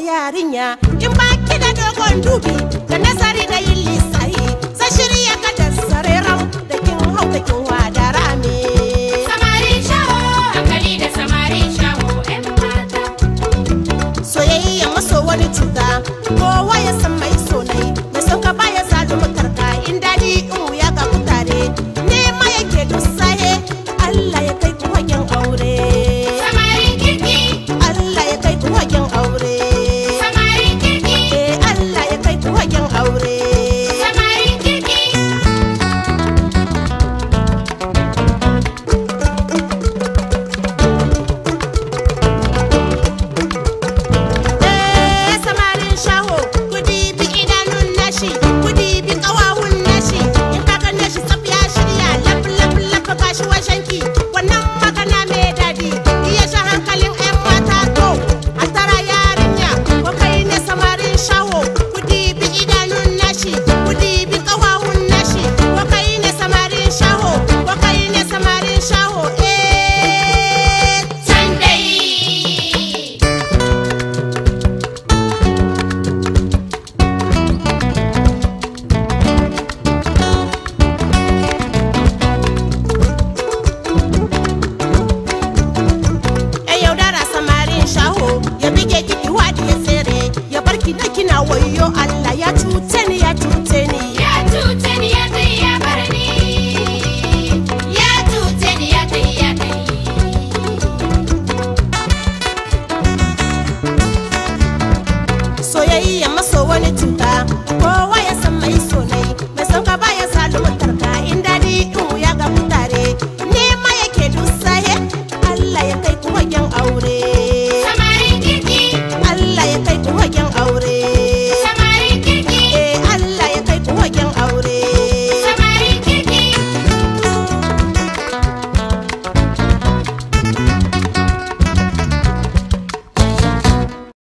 yarinya in ba ki da dogon dubi da nazari da yi suas